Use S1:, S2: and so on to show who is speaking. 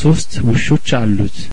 S1: ሶስት ውሾች አሉት